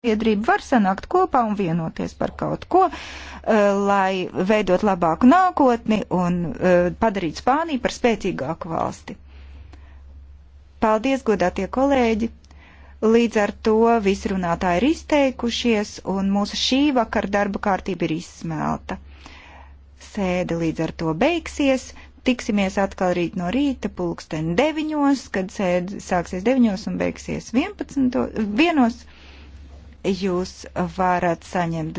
sabiedrība var sanākt kopā un vienoties par kaut ko, eh, lai veidot labāku nākotni un eh, padarīt Spāniju par spēcīgāku valsti. Paldies, godātie kolēģi! Līdz ar to visi runātāji ir izteikušies un mūsu šī vakar darba kārtība ir izsmelta. Sēde līdz ar to beigsies. Tiksimies atkal rīt no rīta pulksten deviņos, kad sēde sāksies deviņos un beigsies vienpadsmit vienos jūs varat saņemt